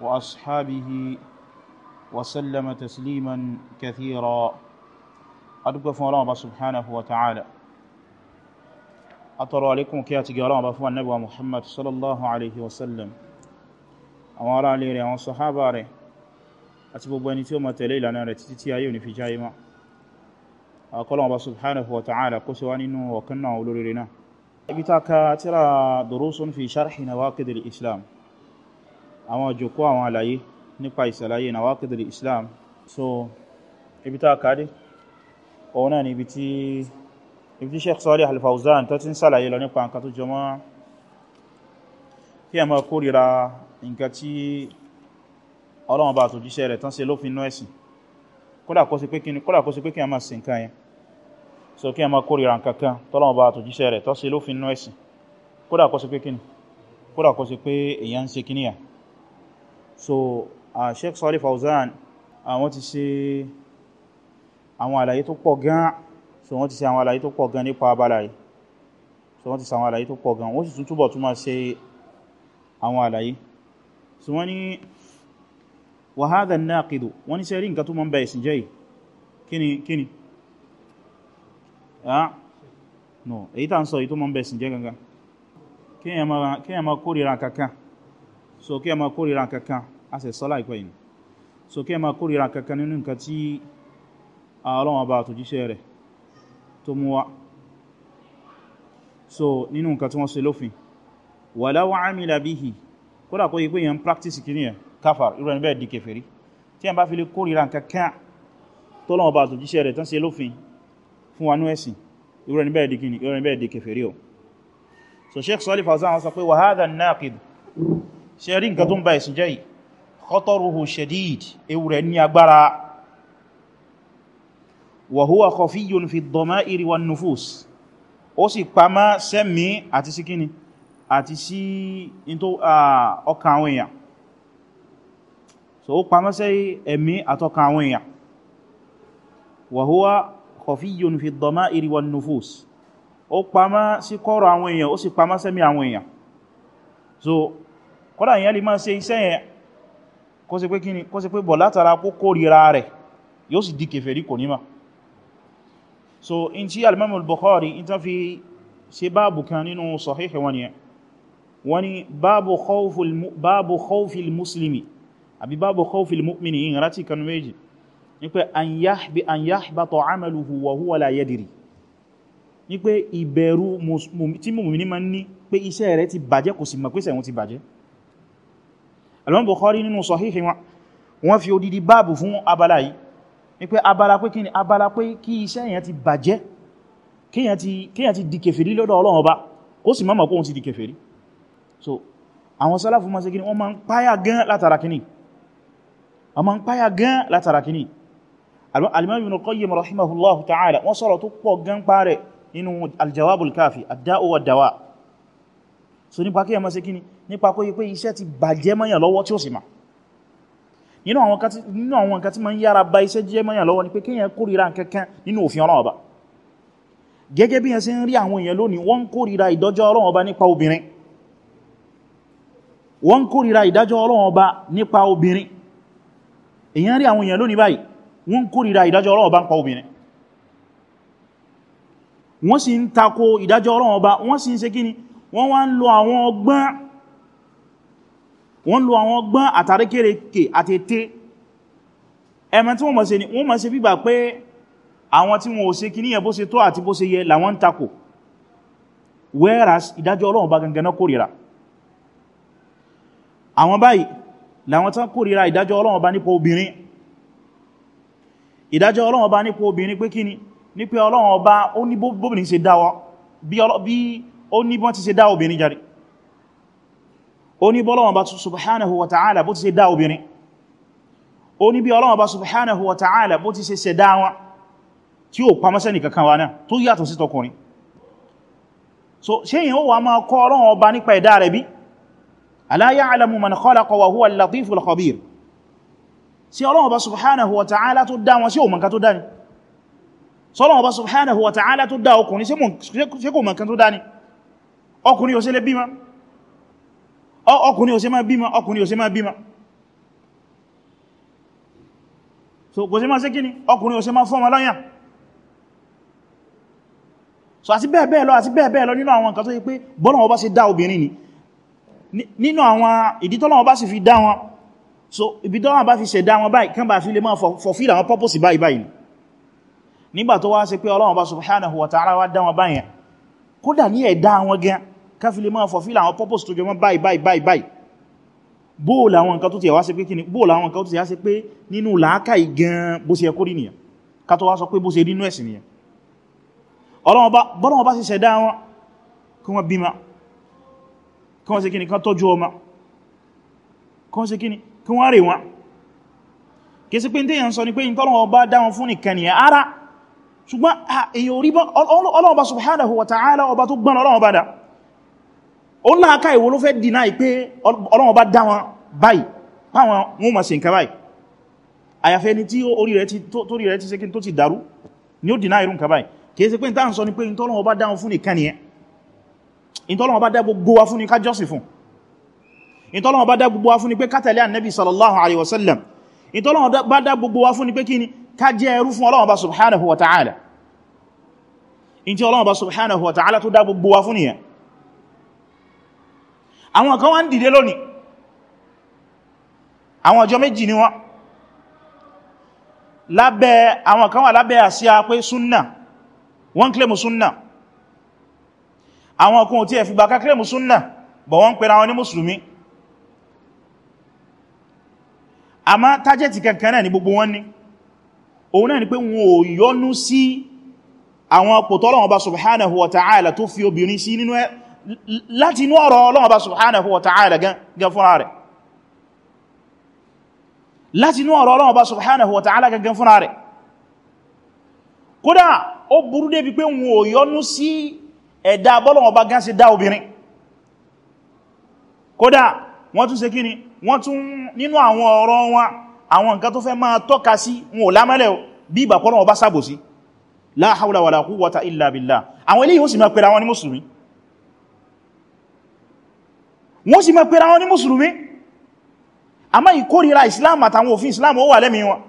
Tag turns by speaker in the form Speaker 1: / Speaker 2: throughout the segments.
Speaker 1: وأصحابه وسلم تسليما كثيرا أدوك فرابة سبحانه وتعالى أترى لكم كياتي قرابة فالنبوة محمد صلى الله عليه وسلم أمارا ليري وصحابة ري أتبقى نتيوم تليل أنا لتتتي أيوني في جائمة أقول الله سبحانه وتعالى قسوان إنه وكنا أولو لنا بتاكا ترى دروس في شرح نواقد الإسلام àwọn òjòkó àwọn àlàyé nípa ìsàlàyé nawaqidul islam so ibi tá kàádé òun náà ni ibi tí ibi tí Sheikh Salih Al-Fawzan tó ti ń sàlàyé lọ nípa nǹkan tó jọmọ́ kí a máa kórìíra nǹkan tí Ọlọ́run bá àtòjíṣẹ́ rẹ̀ tán ṣe lófin inú ẹ̀sìn kódà pé kí a máa ṣe nǹkan so kí a máa kórìíra nǹkan kan tọ́lọ́run bá àtòjíṣẹ́ rẹ̀ tán ṣe lófin inú ẹ̀sìn kódà kó ṣe pé kí ni kódà pé èèyàn ń ṣe kíníyàn so uh, Sheikh Salih Fawzan àwọn ti ṣe àwọn àlàyé tó pọ̀ gan so wọ́n ti ṣe àwọn àlàyé tó pọ̀ gan nípa abala yìí so wọ́n ti ṣe àwọn àlàyé tó pọ̀ gan wọ́n sì tún túbọ̀ tún máa ṣe àwọn àlàyé so wọ́n ní wa hadha wọ́n ní ṣe rí nǹkan tó mọ́ ń bẹ̀ ìsìn jẹ́ yìí kíni kíni ah, so kí ẹ máa kórìíra kankan a sì sọ́lá ìpẹ́ yìí so kí ẹ máa kórìíra kankan nínú nǹkan tí Ọlọ́run Ọba àtòjíṣẹ́ rẹ̀ tó mú wá so nínú nǹkan tí wọ́n ṣe lófin walau amila bihi kódà kó yí pé yẹn ń practice kìíní ẹ̀ káfàr irú ẹni bẹ́ẹ̀ di kèfèrí tí ẹ bá fi lè kórìíra kankan tọ́lọ́run Ọba àtòjíṣẹ́ rẹ̀ tán ṣe lófin fún wa nú ẹ̀sìn irú ẹni bẹ́ẹ̀ di kìíní irú o so Sheikh Salih Fawzan sọ pé wa hadha an-naqid ṣe rí nǹkan tó ń ba ẹ̀sìn jẹ́ yìí khataruhu shadid ewu rẹ̀ ní agbára wa huwa khafiyyun fi ad-dama'ir wan-nufus ó sì pamọ́ sẹ́mí àti sí kíni àti sí ọkàn àwọn èèyàn so ó pamọ́ sí ẹ̀mí àtọkàn àwọn èèyàn wa huwa khafiyyun fi àwọn èèyàn so kọ́dà yẹn lè máa ṣe iṣẹ́ yẹn kó ṣe pé kíni kó ṣe pé bọ̀ látara kó kórìíra rẹ̀ yóò sì di kèfèrí kò níma so in tí al-Imam al-Bukhari in ta fi ṣe báàbù kan nínú sahihi wọn yẹn wọ́n ni báàbù khawfil muslimi àbí báàbù khawfil mu'mini in ráti kan méjì ní pé an yahbata amaluhu wa huwa la yadiri ní pé ìbẹ̀rù tí mùmìnì ma ń ní pé iṣẹ́ rẹ̀ ti bàjẹ́ kò sì mọ̀ pé sẹ̀wọ̀n ti bàjẹ́ Imam Bukhari nínú sahihi wọn wọ́n fi odidi báàbù fún abala yìí ní pé abala pé kí ni abala pé kí iṣẹ́ èyàn ti bàjẹ́ kíyàn ti di kèfèrí lọ́dọ̀ Ọlọ́run Ọba kó sì mọ́mọ̀ kóhun ti di so àwọn sálàfù ma ṣe kíni wọ́n ma ń páyà gan látara kíni wọ́n ma ń páyà gan látara kíni Al-Imam Ibn Qayyim rahimahullahu ta'ala wọ́n sọ̀rọ̀ tó pọ̀ gan parẹ̀ nínú al-Jawabul Kafi ad wad-Dawa so nípa kíyàn ma ṣe kíni nípa kó yí pé iṣẹ́ ti bàjẹ́ mọ́yàn lọ́wọ́ tí ó sì mà nínú àwọn nǹkan tí ma ń yára ba iṣẹ́ jẹ́ mọ́yàn lọ́wọ́ ni pé kíyàn kórìíra kankan nínú òfin Ọlọ́run Ọba gẹ́gẹ́ bí yẹn ṣe ń rí àwọn èèyàn lónìí wọ́n kórìíra ìdájọ́ Ọlọ́run Ọba nípa obìnrin wọ́n kórìíra ìdájọ́ Ọlọ́run Ọba nípa obìnrin èèyàn rí àwọn èèyàn lónìí báyìí wọ́n kórìíra ìdájọ́ Ọlọ́run Ọba nípa obìnrin wọ́n sì ń tako ìdájọ́ Ọlọ́run Ọba wọ́n sì ń ṣe kíni wọ́n wá ń lo àwọn ọgbọ́n wọ́n lo àwọn gbọ́n àtàríkèrèkè àti ète ẹmẹ tí wọ́n mọ̀ ṣe ni wọ́n mọ̀ ṣe bígbà pé àwọn tí wọ́n ò ṣe kí níyẹ̀ bó ṣe tó àti bó ṣe yẹ làwọn ń takò whereas ìdájọ́ ọlọ́run bá gangan náà kórìíra àwọn báyìí làwọn tán kórìíra ìdájọ́ ọlọ́run bá nípa obìnrin ìdájọ́ ọlọ́run bá nípa obìnrin pé kí ni ní pé ọlọ́run ọba ó ní bóbìnrin se dá wa bí ó ní bọ́n ti ṣe dá obìnrin jari ó ní bọ́lọ́wọ́n bá subhanahu wa ta'ala bó ti ṣe dá obìnrin ó ní bí ọlọ́wọ́n bá subhanahu wa ta'ala bó ti ṣe ṣe dá wọn tí ó pamọ́sẹ́ nìkan kan wa náà tó yàtọ̀ sí tọkùnrin so ṣe yìí ó wà máa kọ́ ọlọ́wọ́n ọba nípa ẹ̀dá rẹ̀ bí ala ya'lamu man khalaqa wa huwa al-latifu al-khabir sí ọlọ́wọ́n bá subhanahu wa ta'ala tó dá wọn sí òmùn kan tó dá ni sọ́lọ́wọ́n bá subhanahu wa ọkùnrin ò ṣe máa bímọ ọkùnrin ò ṣe máa bímọ so kò ṣe máa ṣe kíni ọkùnrin ò ṣe máa fọ́mọ lọ́yàn so àti bẹ́ẹ̀ bẹ́ẹ̀ lọ àti bẹ́ẹ̀ bẹ́ẹ̀ lọ nínú àwọn nǹkan tó yí pé bọ́lọ̀ ọba ṣe dá obìnrin ni nínú àwọn ìdítọ́lọ̀ ọba sì fi dá wọn so ibi tọ́lọ̀ ọba fi ṣe dá wọn báyìí kán bá fi lè máa fulfill àwọn purpose báyìí báyìí nígbà tó wá ṣe pé Ọlọ́run ọba subhanahu wa ta'ala wá dá wọn báyìí kódà ní ẹ̀dá wọn gan káfí lè máa fulfill àwọn purpose tó jọmọ́ báyìí báyìí báyìí báyìí bóòlù àwọn nǹkan tó ti wá ṣe pé kíni bóòlù àwọn nǹkan tó ti wá ṣe pé nínú làákàí gan bó ṣe ẹkó rí nìyàn ká tó wá sọ pé bó ṣe nínú ẹ̀sìn nìyàn ọlọ́wọ́ bá sì ṣẹ̀dá wọn kí wọ́n bímá kí wọ́n ṣe kíni kan tọ́jú ọmọ kí wọ́n ṣe kíni kí ó láàká ìwò ló fẹ́ dìná ìpé Ọlọ́run bá dá wọn báyìí páwọn wọn ma ṣe nǹkan báyìí àyàfẹ́ ni tí orí rẹ̀ ti sẹ́kín tó ti dàrú ni ó dìná irú nǹkan báyìí kìí ṣe pé ìta ń sọ ni pé ìtọ́lọ́run bá dá wọn fún nìkan nìyẹn ìtọ́lọ́run bá dá gbogbo wa fún ni ká jọ́sìn fún ìtọ́lọ́run bá dá gbogbo wa fún ni pé ká tẹ̀lé Ànábì sallallahu alaihi subhanahu wa ta'ala ìtí Ọlọ́run bá subhanahu wa ta'ala tó dá gbogbo wa àwọn kan wá ń dìde lónìí àwọn ọjọ́ méjì ni wọ́n lábẹ́ àwọn kan wà lábẹ́ àsíá pé súnnà wọ́n kílèmù súnnà àwọn ọkùn tí ẹ̀ fìgbà ká kílèmù súnnà bọ̀ wọ́n pẹ̀lú àwọn ní mùsùlùmí àmá tájẹ́tì kankan náà ni gbogbo wọn ní òun náà ni pé wọn ò yọ́nú sí àwọn ọpọ̀ bá subhanahu wa ta'ala tó fi obìnrin sí nínú ẹ̀ láti inú ọ̀rọ̀ Ọlọ́run bá subhanahu wa ta'ala gan fúnra rẹ̀ láti inú ọ̀rọ̀ Ọlọ́run bá subhanahu wa ta'ala gan fúnra rẹ̀ kódà ó burú débi pé wọn ò yọnú sí ẹ̀dá bọ́lọ̀wọ̀n bá gán sí dá obìnrin kódà wọ́n tún ṣe kíni wọ́n tún nínú àwọn ọ̀rọ̀ wọn àwọn nǹkan tó fẹ́ máa tọ́ka sí wọn ò lámẹ́lẹ̀ bí ìgbà bá sábòsí la hawla wala quwwata àwọn eléyìí ó sì máa pẹ̀lú àwọn ní mùsùlùmí wọ́n sì máa pera wọn ní mùsùlùmí àmá ìkórìíra islam àtàwọn òfin islam ó wà lẹ́mí wọn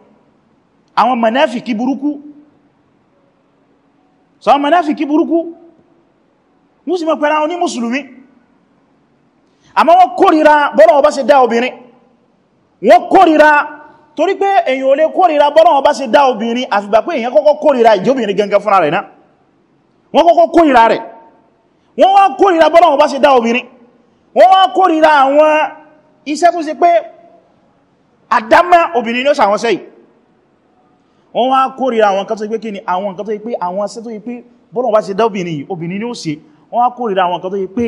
Speaker 1: àwọn mùnáfìkí burúkú so àwọn mùnáfìkí burúkú wọ́n sì máa pera wọn ní mùsùlùmí àmá wọ́n kórìíra bọ́lá ọba ṣe dá obìnrin wọ́n kórìíra torí pé èyàn ò lè kórìíra bọ́lá ọba ṣe dá obìnrin àfìgbà pé èyàn kọ́kọ́ kórìíra ìjóbìnrin gangan fúnra rẹ̀ náà wọ́n kọ́kọ́ kórìíra rẹ̀ wọ́n wá kórìíra bọ́lá ọba ṣe dá obìnrin wọ́n wá kórìíra àwọn iṣẹ́ tó ṣe pé àdámá obìnrin ní ó sàwọn sẹ́yì wọ́n wá kórìíra àwọn kan tó ṣe pé kí ni àwọn kan tó ṣe pé àwọn iṣẹ́ tó ṣe pé bọ́lọ̀ bá ṣe dá obìnrin obìnrin ní ó ṣe wọ́n wá kórìíra àwọn kan tó ṣe pé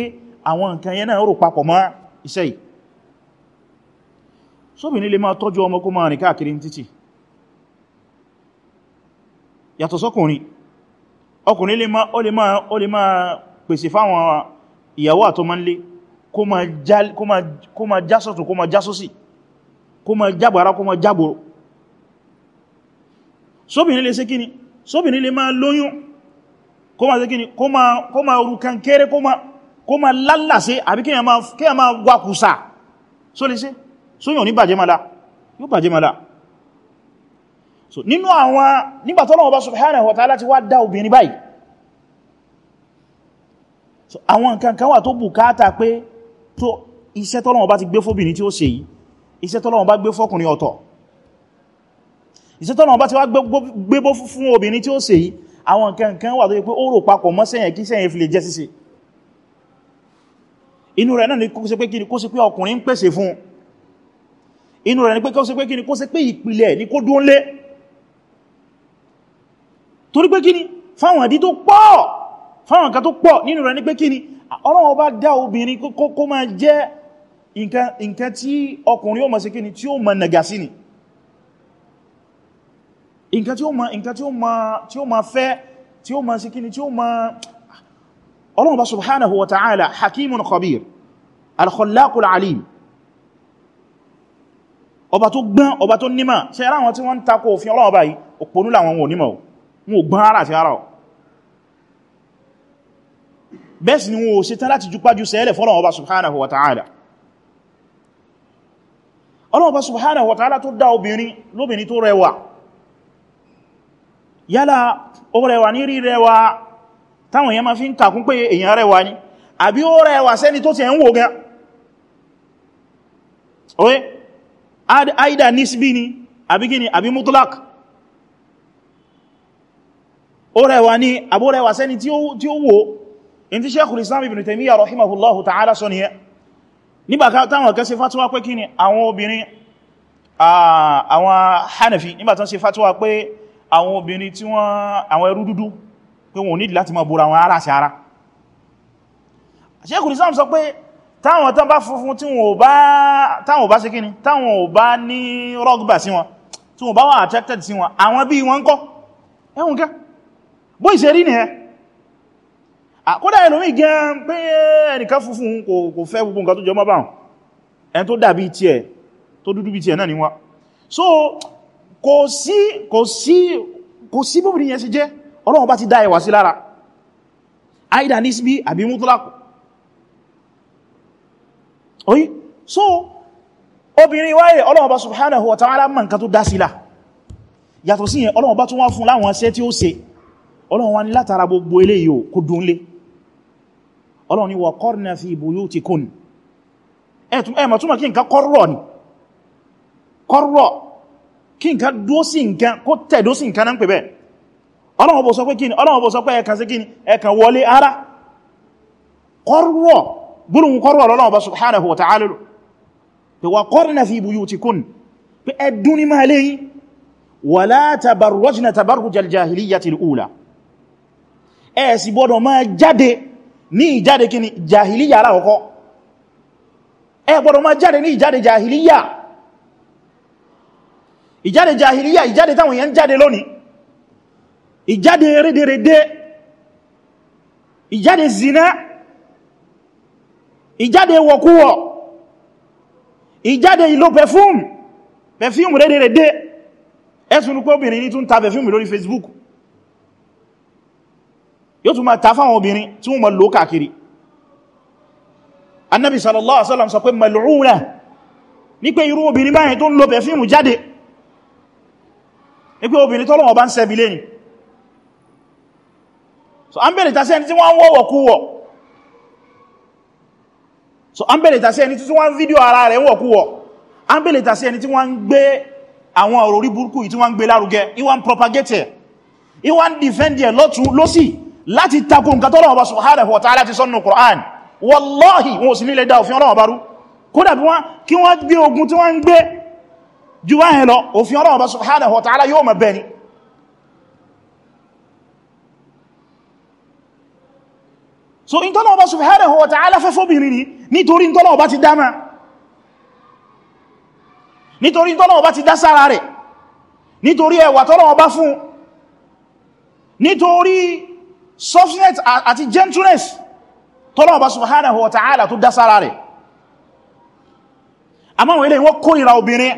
Speaker 1: àwọn nǹkan yẹn náà rò papọ̀ mọ́ iṣẹ́ yìí sóbìnrin lè máa tọ́jú ọmọ kó máa rìn káàkiri títì yàtọ̀ sọ́kùnrin ọkùnrin lè máa pèsè fáwọn ìyàwó àtọmọ́ kó ma jásọ̀tún kó ma jásọ́sì kó ma jábàrá kó ma jábòrò sóbìnrin lè ṣe kíni sóbìnrin lè máa lóyún kó ma ṣe kíni kó ma rukan kéré kó ma lálàsẹ́ àbí kíyà ma wakùsà só lè ṣe sóyàn ní bàjẹ́ mala yóò bàjẹ́ mala so nínú àwọn nígbàtọ́lọ́wọ́ bá subhanahu wa ta'ala ti wá dá obìnrin báyìí so àwọn nǹkan kan wà tó bùkátà pé tó iṣẹ́ tọ́lọ́wọ́n bá ti gbé fóbìnrin tí ó ṣe yìí iṣẹ́ tọ́lọ́wọ́n bá gbé fọ́kùnrin ọ̀tọ̀ iṣẹ́ tọ́lọ́wọ́n bá ti wá gbé bó fún obìnrin tí ó ṣe yìí àwọn nǹkan wà tó yẹ pé ó rò papọ̀ mọ́ sẹ́yìn kí sẹ́yìn fi lè jẹ́ síse inú rẹ̀ náà ni kó ṣe pé kíni kó ṣe pé ọkùnrin ń pèsè fún inú rẹ̀ ni pé kó ṣe pé kíni kó ṣe pé ìpìlẹ̀ ni kó dún lé Ọlọ́run bá dá obìnrin kó máa jẹ́ nǹkan tí ọkùnrin ó máa ṣe kí ni tí ó máa nàgà sí ni nǹkan tí ó máa nǹkan tí ó máa tí ó máa fẹ́ tí ó máa ṣe ọba tó gbọ́n ọba tó nímọ̀ ṣe ara wọn tí wọ́n ń takò òfin Ọlọ́run báyìí òpónú làwọn wọn ò nímọ̀ wọn ò gbọ́n ara àti ara ọ̀ bẹ́ẹ̀ sì ni wọn ò ṣe tán láti jùpájú sẹ́ẹ̀lẹ̀ fọ́lọ̀ ọba subhanahu wa ta'ala ọlọ́ọ̀bá subhanahu wa ta'ala tó dá obìnrin lóbìnrin tó rẹwà yálà ó rẹwà ní rí rẹwà táwọn èèyàn ma fi ń kàkún pé èèyàn rẹwà ni àbí ó rẹwà sẹ́ni tó ti ẹ̀ ń wò gan oye ó rẹwà ni àbó rẹwà sẹ́ni tí ó wò in ti Sheikhul Islam Ibn Taymiyyah rahimahullahu ta'ala sọ nìyẹn nígbà táwọn kan ṣe fatuwa pé kí ni àwọn obìnrin àwọn Hanafi nígbà tán ṣe fatuwa pé àwọn obìnrin tí wọ́n àwọn ẹrú dúdú pé wọn ò nídìí láti máa bora wọn ara sí ara Sheikhul Islam sọ pé táwọn tán bá funfun tí wọn ò bá ṣe kí ni táwọn ò bá ní rọ́gbà sí wọn tí wọn bá wà attracted sí wọn àwọn bí wọn ń kọ́ ẹ̀hùn kẹ́ bó ìṣẹ́rí nìyẹn àkódà ẹnùmí gan pé ẹnìkan funfun kò fẹ́ gbogbo nǹkan tó jọ mọ́ báhùn ẹn tó dàbí tí ẹ tó dúdú bí tí ẹ náà níwá so kò sí kò sí kò sí bóbi yẹn sí jẹ́ ọlọ́run bá ti dá ẹwà sí lára aida nisbi àbí mútúlákù oyi so obìnrin wáyé ọlọ́run bá subhanahu wa ta'ala mọ̀ nǹkan tó dá sílá yàtọ̀ sí yẹn ọlọ́run bá tún wá fún láwọn ṣẹ́ tí ó ṣe ọlọ́run wá ní látara gbogbo eléyìí kò dúnlé ọlọ́run ni wa qarna fi buyutikun ẹ̀mà túnmà kí nǹkan kọ́rọ̀ ni kọ́rọ̀ kí nǹkan dósì nǹkan kó tẹ̀ dósì nǹkan náà ń pè bẹ́ ọlọ́run bó sọ pé kíni ọlọ́run bó sọ pé ẹ̀kan sí kíni ẹ̀kan wọlé ara kọ́rọ̀ gbúrùn kọ́rọ̀ lọ́lọ́run bá subhanahu wa ta'ala lò máa jáde ní ìjáde kí ni jahiliya aláwọ̀kọ́ ẹ gbọ́dọ̀ máa jáde ní ìjáde jahiliya ìjáde jahiliya ìjáde táwọn èèyàn jáde lónìí ìjáde rédèrèdè ìjáde zina ìjáde wọ̀kúwọ̀ ìjáde ìlò perfume perfume rédèrèdè ẹ̀sùn ní pé obìnrin ní tún ta perfume lórí Facebook yóò tún máa ta fáwọn obìnrin tí wọ́n máa lò káàkiri annabi sallallahu alaihi wasallam sọ pé mal'una ní pé irú obìnrin báyìí tó ń lo pẹ̀fíìmù jáde ní pé obìnrin tọ́lọ́wọ́ bá ń sẹ́bi lẹ́ni so an bẹ̀rẹ̀ tasẹ́ ẹni tí wọ́n wọ́wọ̀ kúwọ̀ so an bẹ̀rẹ̀ tasẹ́ ẹni tí wọ́n ń fídíò ara rẹ̀ wọ̀ kúwọ̀ an bẹ̀rẹ̀ tasẹ́ ẹni tí wọ́n ń gbé àwọn òròrí burúkú tí wọ́n ń gbé lárugẹ ìwọ́n propagate ìwọ́n defend ẹ̀ lọ́tún lọ́sì láti takò nǹkan tọ́lọ̀ ọba subhanahu wa ta'ala ti sọ́nà Qur'an wallahi wọn ò sí nílẹ̀ dá òfin Ọlọ́run bá rú kódà bí wọ́n kí wọ́n gbé ogun tí wọ́n ń gbé jù wá hẹ̀lọ òfin Ọlọ́run bá subhanahu wa ta'ala yóò mọ̀ bẹni so in tọ́lọ̀ ọba subhanahu wa ta'ala fẹ́ fóbìnrin ni nítorí in tọ́lọ̀ ọba ti dáma nítorí in tọ́lọ̀ ọba ti dá sára rẹ̀ nítorí ẹwà tọ́lọ̀ ọba fún nítorí softness àti gentleness tọ́lọ̀ ọba subhanahu wa ta'ala tó dására rẹ̀ a máa wọ́n ilé wọ́n kórìíra obìnrin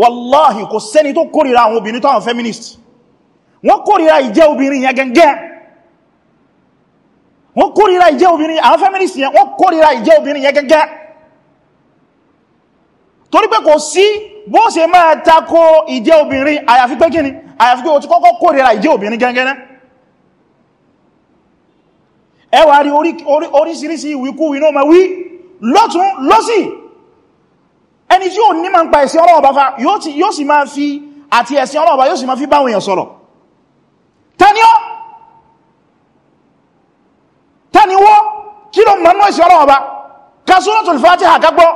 Speaker 1: wallahi kò sẹ́ni tó kórìíra àwọn obìnrin táwọn feminist wọ́n kórìíra ìjẹ́ obìnrin yẹn gẹ́gẹ́ wọ́n kórìíra ìjẹ́ obìnrin àwọn feminist yẹn wọ́n kórìíra ìjẹ́ obìnrin yẹn gẹ́gẹ́ torí pé kò sí bó ṣe máa tako ìjẹ́ obìnrin àyàfi pé kíni àyàfi pé o ti kọ́kọ́ kórìíra ìjẹ́ obìnrin gẹ́gẹ́ náà ẹ wá rí oríṣiríṣi ìwíkúwí náà ma wí lọ́tún lọ́sì ẹni tí ó ní ma ń pa ẹ̀sìn ọlọ́ọ̀bá fa yóò sì máa fi àti ẹ̀sìn ọlọ́ọ̀bá yóò sì máa fi báwọn èèyàn sọ̀rọ̀ taniọ́ taniwọ́ kí ló mọ̀ ẹ̀sìn ọlọ́ọ̀bá ka Suratul Fatiha ká gbọ́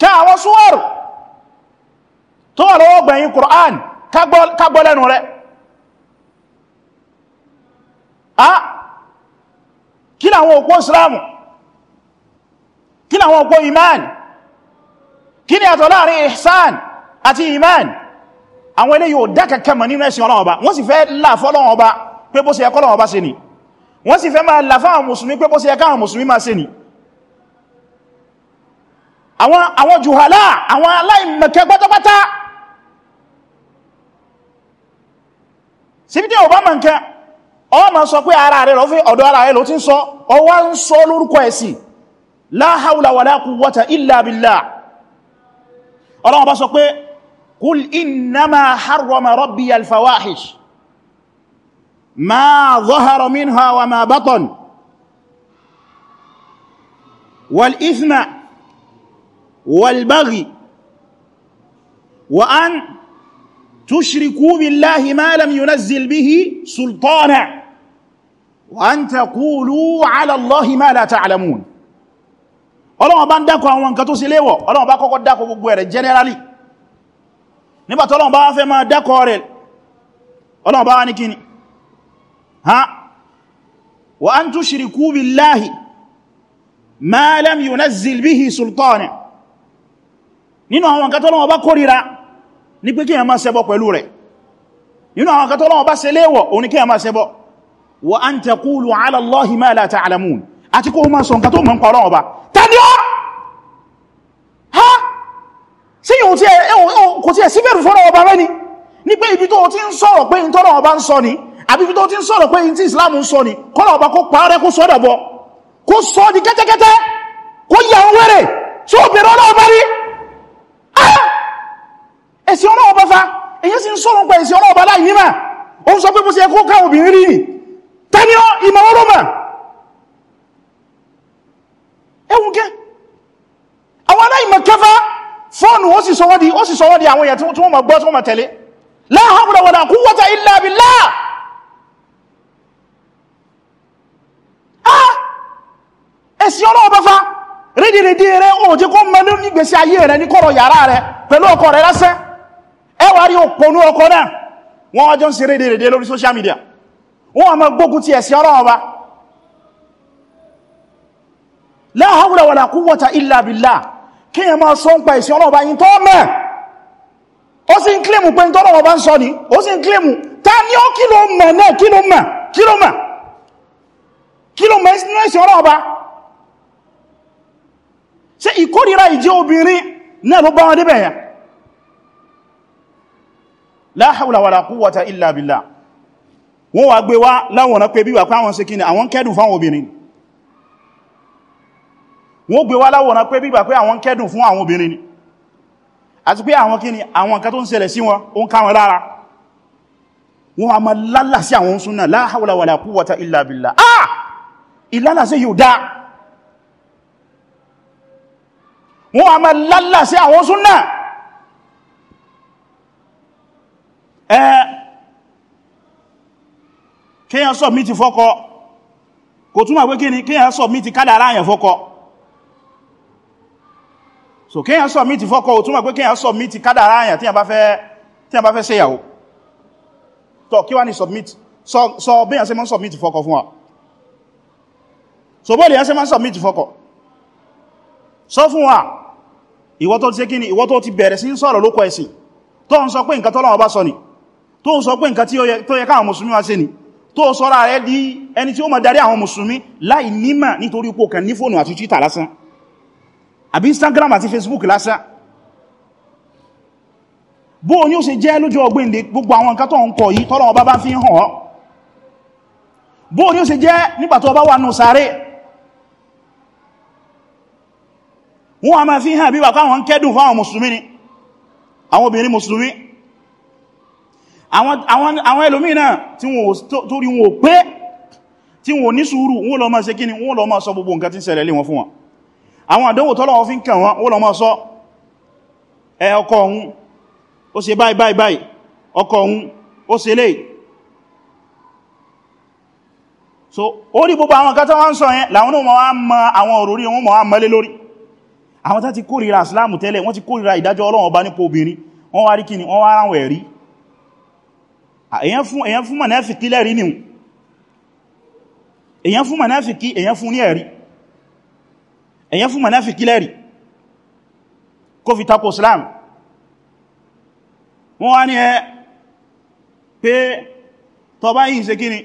Speaker 1: ká àwọn súwọ́rù tó wà ah kí làwọn òpó islamu kí làwọn òpó iman kí ni àtọ̀ láàrin ihsan àti iman àwọn ilé yóò dákàkàmà nínú ẹ̀sìn Ọlọ́run Ọba wọ́n sì fẹ́ láàfọ́ Ọlọ́run Ọba pé bó ṣe ẹkọ́ Ọlọ́run Ọba ṣe ni wọ́n sì fẹ́ máa láfá àwọn mùsùlùmí pé bó ṣe ẹkọ́ àwọn mùsùlùmí máa ṣe ni àwọn jùhálà àwọn aláìmọ̀kẹ́ pátápátá síbí tí ò bá mọ̀ nǹkan ọ ma sọ pé ara rẹ̀ lọ́fẹ́ ọ̀dọ̀ ara rẹ̀ ló ti ń sọ ọwá ń sọ lórúkọ ẹ̀sì la hawla wala quwwata illa billah ọlọ́wọ́ bá sọ pé kul innama harrama rabbi alfawahish ma zahara sultana وأن تقولوا على الله ما لا تعلمون ọlọ́wọ́ bá ń dákọ̀ àwọn nǹkan tó sí léwọ̀ ọlọ́wọ́ bá kọ́kọ́ dákọ̀ gbogbo ẹ̀rẹ̀ generally nígbàtí ọlọ́wọ́ bá fẹ́ máa dákọ̀ rẹ̀ ọlọ́wọ́ bá ní kíni ha wa an tushriku ní kí ẹ máa ṣẹbọ pẹ̀lú rẹ̀ wa an taqulu ala Allahi ma la ta'lamun àti kó máa sọ nǹkan tó mọ̀ ń pa Ọlọ́run Ọba tàbí ọ́ ha sí yíò tí ẹ kò tí ẹ sí bẹ̀rù fọ́rọ̀ ọba rẹ́ni ní pé ibi tó ti ń sọ̀rọ̀ pé in tọ́rọ̀ ọba ni àbí ibi tó ti ń sọ̀rọ̀ pé in tí Islam ń sọ ni kọ́lọ̀ ọba kó parẹ́ kó sọ́dọ̀ bọ kó sọ di kẹ́tẹ́kẹ́tẹ́ kó yà ń wẹ́rẹ̀ tí ó bẹ̀rẹ̀ ọlọ́ọba rí ẹ̀sìn ọlọ́ọba fa èyí sì ń sọ̀rọ̀ pé ẹ̀sìn ọlọ́ọba láì nímà ó ń sọ pé bó ṣe kó káwọn obìnrin rí ni tẹ́niọ́ ìmọ̀ ọ̀rọ̀ mọ̀ ẹwùn kẹ́ àwọn aláìmọ̀ kẹfà fóònù ó sì sọwọ́ di àwọn èèyàn tí wọ́n mọ̀ gbọ́ tí wọ́n mọ̀ tẹ̀lé la hawla wala quwwata illa billah ẹ̀sìn ọlọ́ọ̀bá fa rídìrídì rẹ̀ ó jẹ́ kó mẹ́lú nígbèsí ayé rẹ̀ ní kọ́rọ̀ yàrá rẹ̀ pẹ̀lú ọkọ rẹ̀ lásán ẹwà rí òpónú ọkọ náà wọ́n wájọ́ ń ṣe rídìrídì lórí social media wọ́n ma gbógun ti ẹ̀sìn Ọlọ́run Ọba la hawla wala quwwata illa billah kí ẹ máa sọ ń pa ẹ̀sìn Ọlọ́run Ọba yìí tó mẹ́ ó sì ń kílèmù pé tọ́lọ́run Ọba ń sọ ní ó sì ń kílèmù ta ní ó kí mẹ́ náà kí mẹ́ kí mẹ́ kí mẹ́ nínú ẹ̀sìn Ọlọ́run Ọba ṣe ìkórìíra ìjẹ́ obìnrin náà ló bá wọn débẹ̀ yẹn la hawla wala quwwata illa wọ́n wá gbé wá láwọ̀nà pé bí wà pé àwọn sekínì àwọn kẹ́dùn fún àwọn obìnrin wọ́n gbé wá láwọ̀nà pé bí wà pé àwọn kẹ́dùn fún àwọn obìnrin àti pé àwọn kíni àwọn nǹkan tó ń ṣẹlẹ̀ sí wọn ó ń ká a ma lálà sí àwọn súnnà la hawla wala quwwata illa billah ah ìlàlà sí yóò dá wọ́n a ma kíyàn sọ mí ti fọ́kọ kò túnmà pé kíni kíyàn sọ mí ti kádàrá àyàn fọ́kọ so kíyàn sọ mí ti fọ́kọ ò túnmà pé kíyàn sọ mí ti kádàrá àyàn tí a bá fẹ́ ṣèyàwó tọ́ kí wá ní submit sọ bí yàn ṣe mọ́ submit fọ́kọ fún wa so bóòlì yàn ṣe mọ́ submit fọ́kọ sọ fún wa ìwọ tó ti ṣe kíni ìwọ tó ti bẹ̀rẹ̀ sí ń sọ̀rọ̀ lókọ ẹ̀sìn tó ń sọ pé nǹkan tọ́lọ́wọ́ tó ń tó sọ́ra rẹ̀ di ẹni tí ó máa darí àwọn mùsùlùmí láì nímà nítorí pò kàn ní fóònù àti twitter lásán àbí instagram àti facebook lásán bó ní ó ṣe jẹ́ lójú ọgbẹ́ndé gbogbo àwọn nǹkan tó ń kọ̀ yìí tọ́lọ̀ ọba bá fi hàn ọ́ bó ní ó ṣe jẹ́ nígbàtí ọba wà nù sáré wọ́n a máa fi hàn bí wà káwọn kẹ́dùn fáwọn mùsùlùmí ni àwọn obìnrin mùsùlùmí àwọn ẹlòmí náà tí wọ́n torí wọn ò pé tí wọ́n ní sùúrù wọ́n lọ máa ṣe kíni wọ́n lọ máa sọ gbogbo nǹkan tí ń ṣẹlẹ̀ lé wọn fún wọn àwọn àdánwò tọ́lọ́wọ́ fi ń kàn wọ́n lọ máa sọ ẹ ọkọ ọ̀hún ó ṣe báyìí báyìí báyìí ọkọ ọ̀hún ó ṣe lè so ó rí gbogbo àwọn kátà wọ́n sọ yẹn láwọn náà wọ́n ma àwọn òrórí wọn ma wọ́n mọ́lé lórí àwọn tá ti kórìíra Islam tẹ́lẹ̀ wọ́n ti kórìíra ìdájọ́ Ọlọ́run ọba nípa obìnrin wọ́n wá rí kíni wọ́n wá ráwọ̀ ẹ̀rí èyàn fún èyàn fún mọ̀náfikí lẹ́rí nìun èyàn fún mọ̀náfikí èyàn fún ní ẹ̀rí èyàn fún mọ̀náfikí lẹ́rí kó fi tako Islam wọ́n wá ní ẹ pé tọ bá yìí ṣe kíni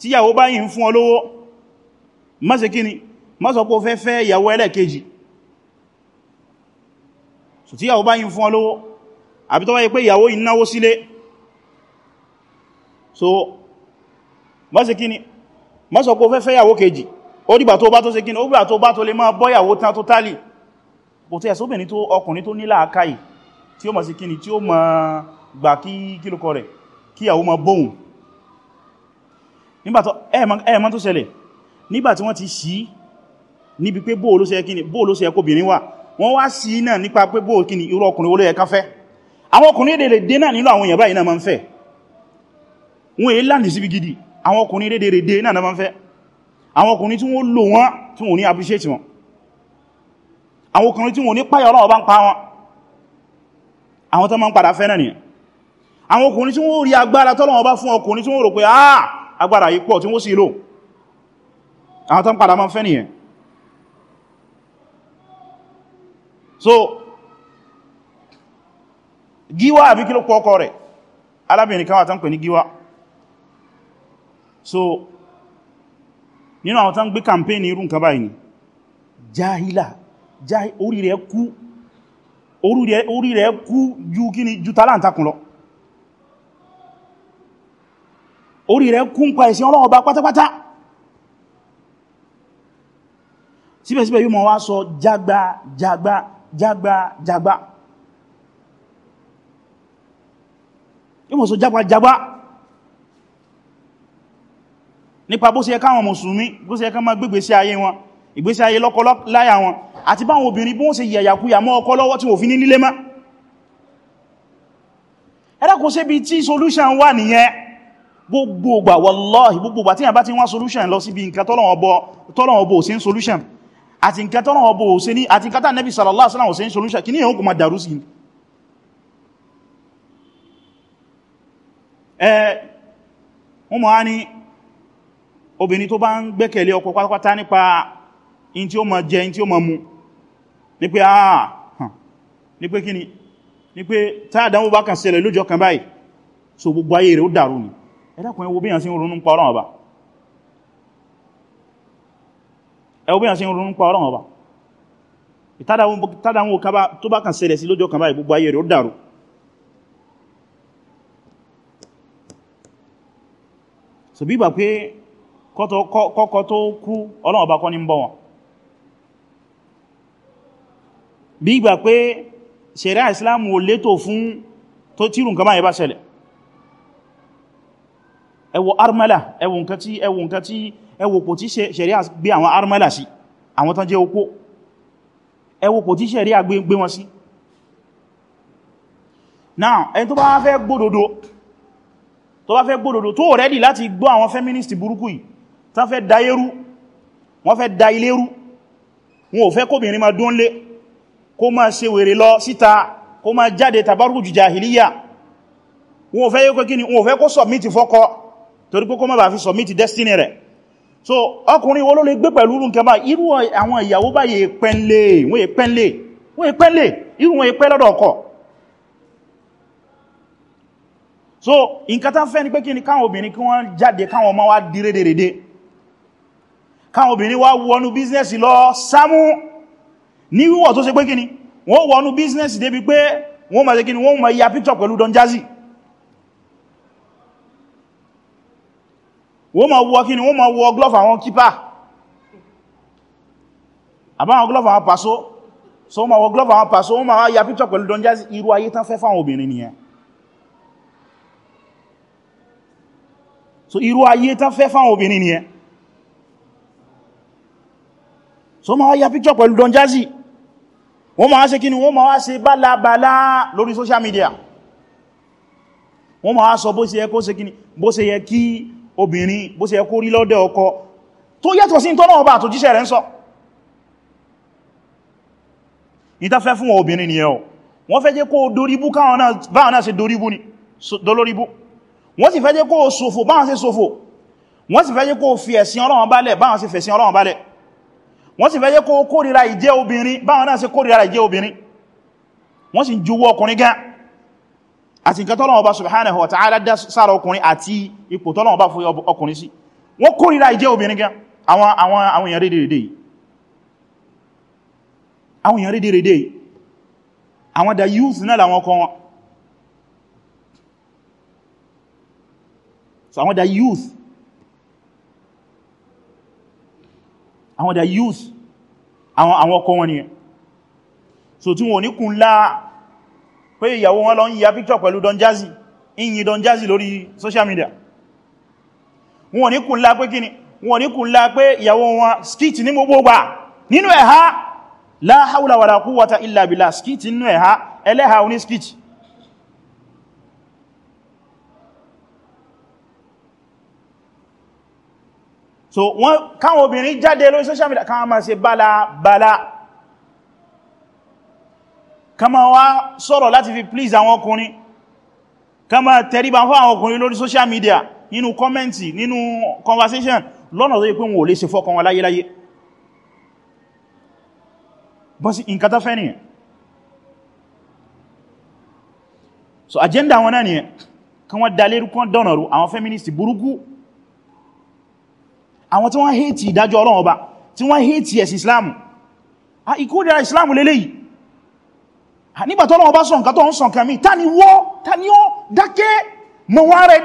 Speaker 1: tíyàwó bá yìí ń fún ọ lówó má ṣe kíni má sọ pé o fẹ́ fẹ́ ìyàwó ẹlẹ́kejì so yìí pé ìyàwó yìí sílé so má ṣe fe má sọ pé o fẹ́ fẹ́ yàwó kejì ó dìgbà tó bá tó ṣe kíni ó gbà tó bá tó lè máa bọ́yàwó tán tó tálì kò tẹ́ sóbìnrin tó ọkùnrin tó nílà akáyì tí ó máa ṣe kíni tí ó máa gbà kí kílùkọ rẹ̀ kí yàwó máa bóhùn nígbà tó ẹ̀ẹ̀mọ́ tó ṣẹlẹ̀ nígbà tí wọ́n ti sí níbi pé bóò ló ṣe kíni bóò ló ṣe ẹkóbìnrin wà wọ́n wá sí náà nípa pé bóò kíni irú ọkùnrin olóyẹ kan fẹ́ àwọn ọkùnrin èdè lè dé náà nílò àwọn èèyàn báyìí náà máa ń fẹ́ wọ́n èé láàrín síbi gidi àwọn ọkùnrin rédè rédè náà na ma ń fẹ́ àwọn ọkùnrin tí wọ́n lò wọ́n tí wọ́n ní appreciate wọn àwọn ọkùnrin tí wọ́n ní páyà Ọlọ́run bá ń pa wọn àwọn tó ma ń padà fẹ́ náà nìyẹn àwọn ọkùnrin tí wọ́n rí agbára tọ́lọ́run bá fún ọkùnrin tí wọ́n ah, so gíwá àbí kí ló pọ̀ ọkọ rẹ̀ alábìnrin kan wà so nínú àwọn tán gbé campaign irú nǹkan báyìí ni jahila orí rẹ̀ kú orí rẹ̀ kú ju kíni ju talantakun lọ orí rẹ̀ kú ń pa ẹ̀sìn Ọlọ́run bá pátápátá síbẹ̀síbẹ̀ yóò mọ̀ wá sọ jágbá jágbá jágbá jágbá yóò mọ̀ sọ jágbá jágbá nípa bó ṣe yẹ káwọn mùsùlùmí bó ṣe yẹ ká máa gbégbèsí ayé wọn ìgbésí ayé lọ́kọ láya wọn àti báwọn obìnrin bó ṣe yàyàkúyà mọ́ ọkọ lọ́wọ́ tí wò fi ní nílé má ẹ́dàkùn sí ibi tí solution wà nìyẹn gbogbo ìgbà wallahi gbogbo ìgbà tí yàn bá ti wá solution lọ sí ibi nǹkan tọ́lọ̀wọ̀ bó ṣe ń solution àti nǹkan tọ́lọ̀wọ̀ bó ṣe ní àti nǹkan tánẹ́bì sallallahu alaihi wasallam ṣe ń solution kí ní èyàn kò máa dàrú sí wọ́n mọ̀ á ní obìnrin tó bá ń gbẹ́kẹ̀lé ọkọ pátápátá nípa in tí ó máa jẹ in tí ó máa mu ní pé ah, àà ní pé kíni ní pé táàdánwò bá kàn ṣẹlẹ̀ lójọ kan báyìí so gbogbo ayé rẹ̀ ó dàrú ni ẹ dákun ẹ wò bí so bí bà pé kọ́kọ́ tó kú ọlọ́run ọba kọ́ ní ń bọ́ wọn bí ìgbà pé ṣẹ̀ríà islam ò létò fún tó tírù nǹkan báyìí bá ṣẹlẹ̀ ẹwọ armala ẹwọ nǹkan tí ẹwọ nǹkan tí ẹwọ kò tí ṣẹ̀ríà gbé àwọn armala sí àwọn tán jẹ́ okó ẹwọ kò tí ṣẹ̀ríà gbé wọn sí now ẹni tó bá fẹ́ gbódodo tó bá fẹ́ gbódodo tó rẹ́dì láti gbọ́ àwọn feminist burúkú yìí tán fẹ́ da yérú wọ́n fẹ́ da ilérú wọn ò fẹ́ kóbìnrin ma dúnlé kó ma ṣe wèrè lọ síta kó ma jáde tàbárùjù jahiliya wọn ò fẹ́ yóò kíni wọn ò fẹ́ kó submit fọ́kọ torí pé kó má bàá fi submit destiny rẹ̀ so ọkùnrin wo ló lè gbé pẹ̀lú rúnkẹ bá irú àwọn ìyàwó bá yẹ pẹ́nlé wọ́n yẹ pẹ́nlé wọ́n yẹ pẹ́nlé irú wọn yẹ pẹ́ lọ́dọ̀ ọkọ so nǹkan tán fẹ́ ni pé kí ni káwọn obìnrin kí wọ́n jáde káwọn ọmọ wá dìrédèrèdè káwọn obìnrin wá wọnú bíznẹ́sì lọ sámú ní wíwọ̀ tó ṣe pé kíni wọ́n wọnú bíznẹ́sì débi pé wọ́n ma ṣe kíni wọ́n ma ya picture pẹ̀lú Don Jazzy wọ́n ma wọ kíni wọ́n ma wọ glove àwọn kípa àbáwọn glove àwọn pàṣó so wọ́n ma wọ glove àwọn pàṣó wọ́n ma ya picture pẹ̀lú Don Jazzy irú ayé tán fẹ́ fáwọn obìnrin nìyẹn so irú ayé tán fẹ́ fáwọn obìnrin nìyẹn so ma ya picture pẹ̀lú Don Jazzy wọ́n ma ṣe kíni wọ́n ma ṣe bálabàlá lórí social media wọ́n ma sọ bó ṣe yẹ kó ṣe kíni bó ṣe yẹ kí obìnrin bó ṣe yẹ kó rí lọ́dọ̀ ọkọ tó yàtọ̀ sí tọ́nà ọba àtòjíṣẹ́ rẹ̀ ń sọ ìtafẹ́ fún obìnrin nìyẹn o wọ́n fẹ́ jẹ́ kó doríbú káwọn náà ṣe doríbú ni dolóríbú wọ́n sì fẹ́ jẹ́ kó ṣòfò báwọn ṣe ṣòfò wọ́n sì fẹ́ jẹ́ kó fi ẹ̀sìn Ọlọ́run bálẹ̀ báwọn ṣe fẹ̀sìn Ọlọ́run bálẹ̀ wọ́n sì fẹ́ yẹ kó kórìíra ìjẹ́ obìnrin báwọn náà ṣe kórìíra ìjẹ́ obìnrin wọ́n sì juwọ́ ọkùnrin gan àti nǹkan tọ́lọ́wọ́ bá subhanahu wa ta'ala dá sára ọkùnrin àti ipò tọ́lọ́wọ́ bá fún ọkùnrin sí wọ́n kórìíra ìjẹ́ obìnrin gan àwọn àwọn èèyàn rédèrèdè àwọn èèyàn rédèrèdè àwọn da youth náà làwọn ọkọ wọn so àwọn da youth àwọn dà youth àwọn ọkọ wọn nìyẹn so tí wọn ò ní kún láà pé ìyàwó wọn lọ ń ya picture pẹ̀lú Don Jazzy ìyìn Don Jazzy lórí social media wọn ò ní kún láà pé kíni wọn ò ní kún láà pé ìyàwó wọn skit ní gbogbo gbà nínú ẹ̀há la hawla wala quwwata illa billah skit nínú ẹ̀há ẹlẹ́ha oní skit so wọ́n káwọn obìnrin jáde lórí social media káwọn máa ṣe bala bala kama wá sọ̀rọ̀ láti fi please àwọn ọkùnrin kama tẹríba fún àwọn ọkùnrin lórí social media nínú kọ́mẹ́ntì nínú conversation lọ́nà tó yí pé wọn ò lè ṣe fọ́kàn wọn láyéláyé bọ́ sí nǹkan tó fẹ́ nìyẹn so agenda wọn náà nìyẹn kan wọ́n dalérú kan dọ̀nàrú àwọn feminist burúkú àwọn tí wọ́n hẹ́ẹ̀tì ìdájọ́ ọlọ́run ọba tí wọ́n hẹ́ẹ̀tì islamu a ìkórìíra islamu lélẹ́yìí nígbà tọ́lọ́run ọba sọ̀nkà tó ń sọ̀nkà mí ta ni wọ́ ta ni ó dákẹ́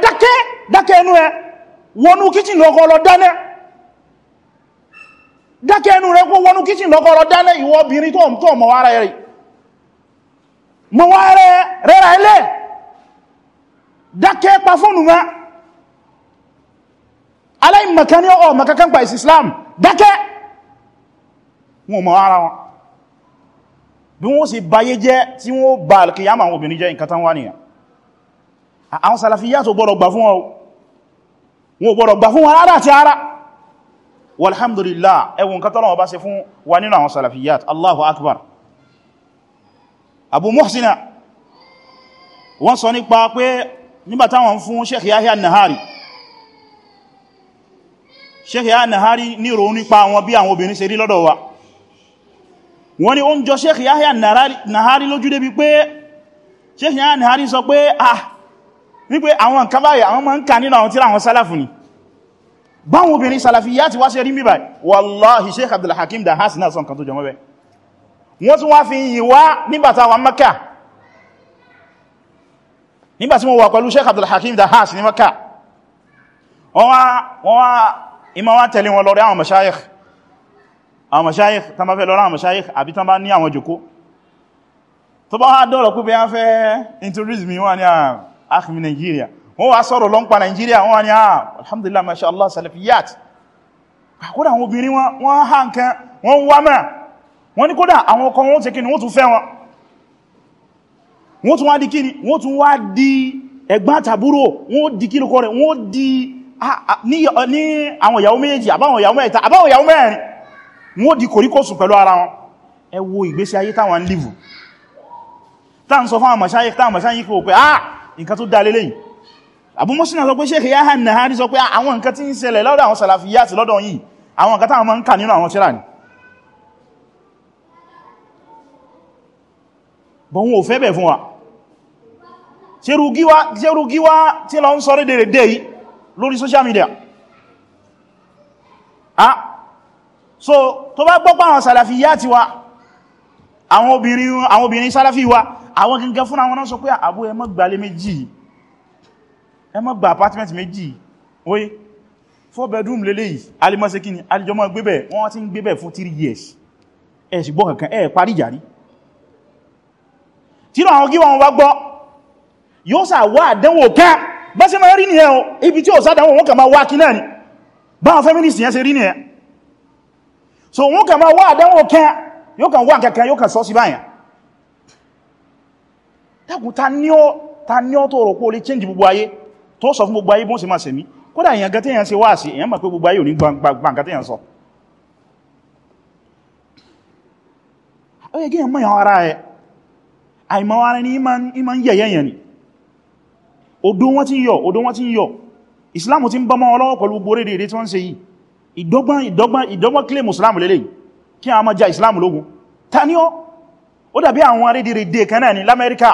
Speaker 1: dákẹ́ dákẹ́ ẹnu ẹ wọnú kíchìn lọ́kọ́ lọ dáná dákẹ́ ẹnu rẹ̀ kó wọnú kíchìn lọ́kọ́ lọ dáná ìwọ obìnrin tó ń aláìmọ̀kan ní ọ̀ mọ̀kankan pa ìsì islam dákẹ́ wọn mọ̀ ara wọn bí wọ́n sì báyé jẹ́ tí wọ́n bá alkiyama àwọn obìnrin jẹ́ nǹkan tán wá nìyàn àwọn salafiyya tó gbọ́dọ̀ gbà fún wọn wọn gbọ́dọ̀ gbà fún wọn ara àti ara walhamdulillah ẹwùn nǹkan tọ́lọ̀ bá ṣe fún Sheikh An-Nahari ní ronú nípa àwọn bí àwọn obìnrin ṣe rí lọ́dọ̀ wa wọ́n ní ó ń jọ Sheikh An-Nahari lójú débi pé Sheikh An-Nahari sọ pé ah wípé àwọn nǹkan báyìí àwọn máa ń kà nínú àwọn tíra àwọn sálàfù ni báwọn obìnrin sàlàfíyà ti wá ṣe rí mi báyìí wallahi Sheikh Abdul Hakim náà sọ tó jọ mọ́ wọ́n tún wá fi yìí wá nígbàtà wa Maka nígbàtí mo wà pẹ̀lú Sheikh Abdul Hakim Dahas ní Maka wọ́n wá ìmọ̀ wá tẹ̀lé wọn lórí àwọn mashayikh àwọn mashayikh tán bá fẹ́ lórí àwọn mashayikh àbí tán bá ní àwọn jòkó tó bá wá dọ́rọ̀ pípẹ́ yán fẹ́ introduce mi wọ́n ni ah, àkìmì Nigeria wọ́n wá sọ̀rọ̀ lọ́npa Nigeria wọ́n ni ah, alhamdulillah masha Allah salafiyat ah, kódà àwọn obìnrin wọ́n há nǹkan wọ́n wá mẹ́ wọ́n ni kódà àwọn ọkọ wọn tẹ́kì ni wọ́n tún fẹ́ wọn wọ́n tún wá di kíni wọ́n tún wá di ẹ̀gbọ́n tàbúrò wọ́n di kílùkọ́ rẹ̀ wọ́n di ní àwọn ìyàwó méjì àbáwọn ìyàwó mẹ́ta àbáwọn ìyàwó mẹ́rin wọ́n di kòríkòsùn pẹ̀lú ara wọn ẹ wo ìgbésí ayé táwọn ń lìvù táà ń sọ fáwọn mọ̀ṣáyé táwọn mọ̀ṣáyé kò pé ah nǹkan tó dalé lẹ́yìn abúmọ́sínà sọ pé Sheikh Yahya Nahari sọ pé ah, àwọn nǹkan tí ń ṣẹlẹ̀ lọ́dọ̀ àwọn Salafiyyat lọ́dọ̀ yìí àwọn nǹkan táwọn máa ń kà nínú àwọn tírà ni bọ̀n wọn ò fẹ́ bẹ̀ fún wa ṣerú gíwá tí lọ ń sọ rédèrèdè yìí lórí social media ah so tó bá gbọ́pọ̀ àwọn sàlàfíyà ti wa àwọn obìnrin àwọn obìnrin sàlàfí wa àwọn gangan fún àwọn náà sọ pé àbú ẹ má gba ilé méjì ẹ má gba apartment méjì oye four bedroom lélé yìí alimọ́sẹ́ kí ni alìjọmọ́ gbébẹ̀ wọ́n ti ń gbébẹ̀ fún 3 years ẹ sì gbọ́ kankan ẹ parí jàrí tí àwọn gíwọ̀n wá gbọ́ yóò sà wá àdánwò kẹ́ bá ṣe máa rí ní ẹ̀hùn ibi tí ó sádàwọn wọn kà máa wá kí náà ni báwọn feminist yẹn ṣe rí ní ẹ̀ so wọn kà máa wá àdánwò kẹ́ yóò kàn wá kẹ́kẹ́ yóò kàn sọ sí báyàn Taku ta ní ọ́ tó lè change gbogbo ayé tó sọ fún gbogbo ayé bó máa odó wọn ti yọ odó wọn ti yọ islamu ti ń bá mọ́ ọlọ́wọ́ pẹ̀lú gbóré dèdè tí wọ́n ṣe yìí ìdọ́gbọ́n ìdọ́gbọ́n ìdọ́gbọ́n claim islamu lélẹ̀ kí a máa ja islamu lógun ta ní ọ́ ó dàbí àwọn arédèrèdè kan náà ní lamẹ́ríkà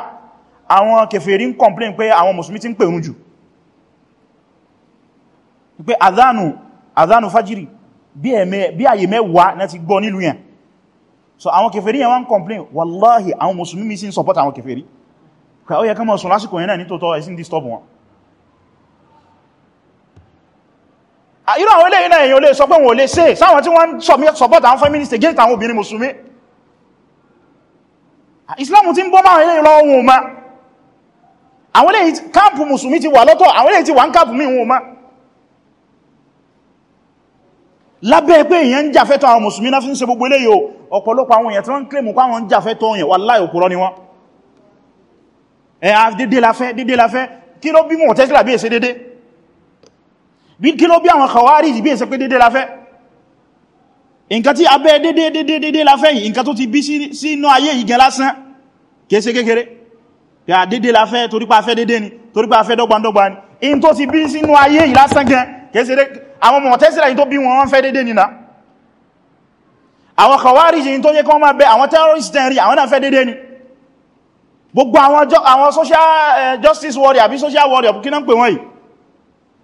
Speaker 1: àwọn kèfèrí ń complain pé àwọn mùsùlùmí ti ń pèrún jù pé adhanu adhanu fajiri bí ẹ̀mẹ́ bí àyè mẹ́wàá náà ti gbọ́ nílùú yẹn so àwọn kèfèrí yẹn wọ́n complain wallahi àwọn mùsùlùmí sì ń support àwọn kèfèrí pẹ̀ ó yẹ ká máa sùn lásìkò yẹn náà ní tòótọ́ ẹ̀sìn disturb wọn ah, irú àwọn eléyìn náà èyàn lè sọ pé wọn ò lè sáwọn tí wọ́n ń support àwọn feminist against àwọn obìnrin mùsùlùmí ah, Islam ti ń bọ́ máa eléyìn lọ wọn ma àwọn eléyìn káàpù mùsùlùmí ti wà lọ́tọ̀ àwọn eléyìn ti wà ń káàpù mí wọn ma lábẹ́ pé èyàn ń jàfẹ́tọ̀ àwọn mùsùlùmí náà fi ń ṣe gbogbo eléyìí ọ̀pọ̀lọpọ̀ àwọn èyàn tí wọ́n ń claim pé àwọn ń jàfẹ́tọ̀ yẹn wallahi òpùrọ́ ni wọ́n ẹ̀ eh, ah, dédé la fẹ́ dédé la fẹ́ kí ló bí Mu'tazila bí èsẹ́ dédé bí kí ló bí àwọn Khawarij bí èsẹ́ pé dédé la fẹ́ nǹkan tí abẹ́ dédé dédé dédé la fẹ́ yìí nǹkan tó ti bí sínú ayé yìí gan lásán kéèsé kékeré yà dédé la fẹ́ torípa fẹ́ dédé ni torípa fẹ́ dọ́gbandọ́gba ni in tó ti bí sínú ayé yìí lásán gan kéèsé àwọn Mu'tazila yìí tó bí wọn wọ́n fẹ́ dédé nìna àwọn Khawarij yìí tó yẹ kọ́ máa bẹ àwọn terrorist tẹ́rin àwọn náà fẹ́ dédé ni gbogbo àwọn social eh, justice warrior àbí social warrior kí náà pè wọ́n yìí